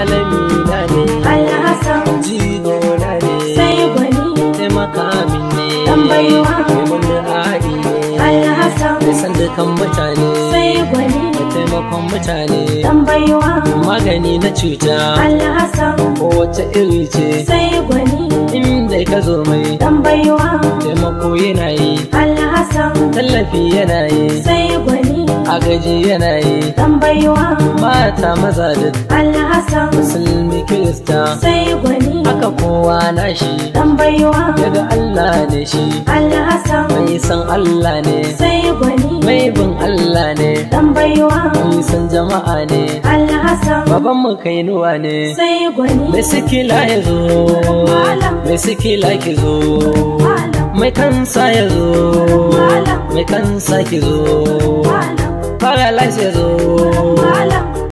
malami na ne alhassan jigo na ne sai gwani taimaka min ne tambaiwa mai mun hadi ne alhassan san dukan mutane sai gwani da taimakon mutane tambaiwa magani na cuta alhassan kowace iri ce sai gwani inda ka zo mai tambaiwa taimako yana yi alhassan tallafi yana yi sai a gaji yanayi tambayiwa mata maza duk alhassan musulmi kirista sai gwani haka kowa na shi tambayiwa daga allah ne shi alhassan mai san allah ne sai gwani mai bin allah ne tambayiwa mai san jama'a ne alhassan baban mu kainuwa ne sai gwani mai sikila ya zo mai sikila ki zo mai kansa ya zo mai kansa ki zo 快来来协助。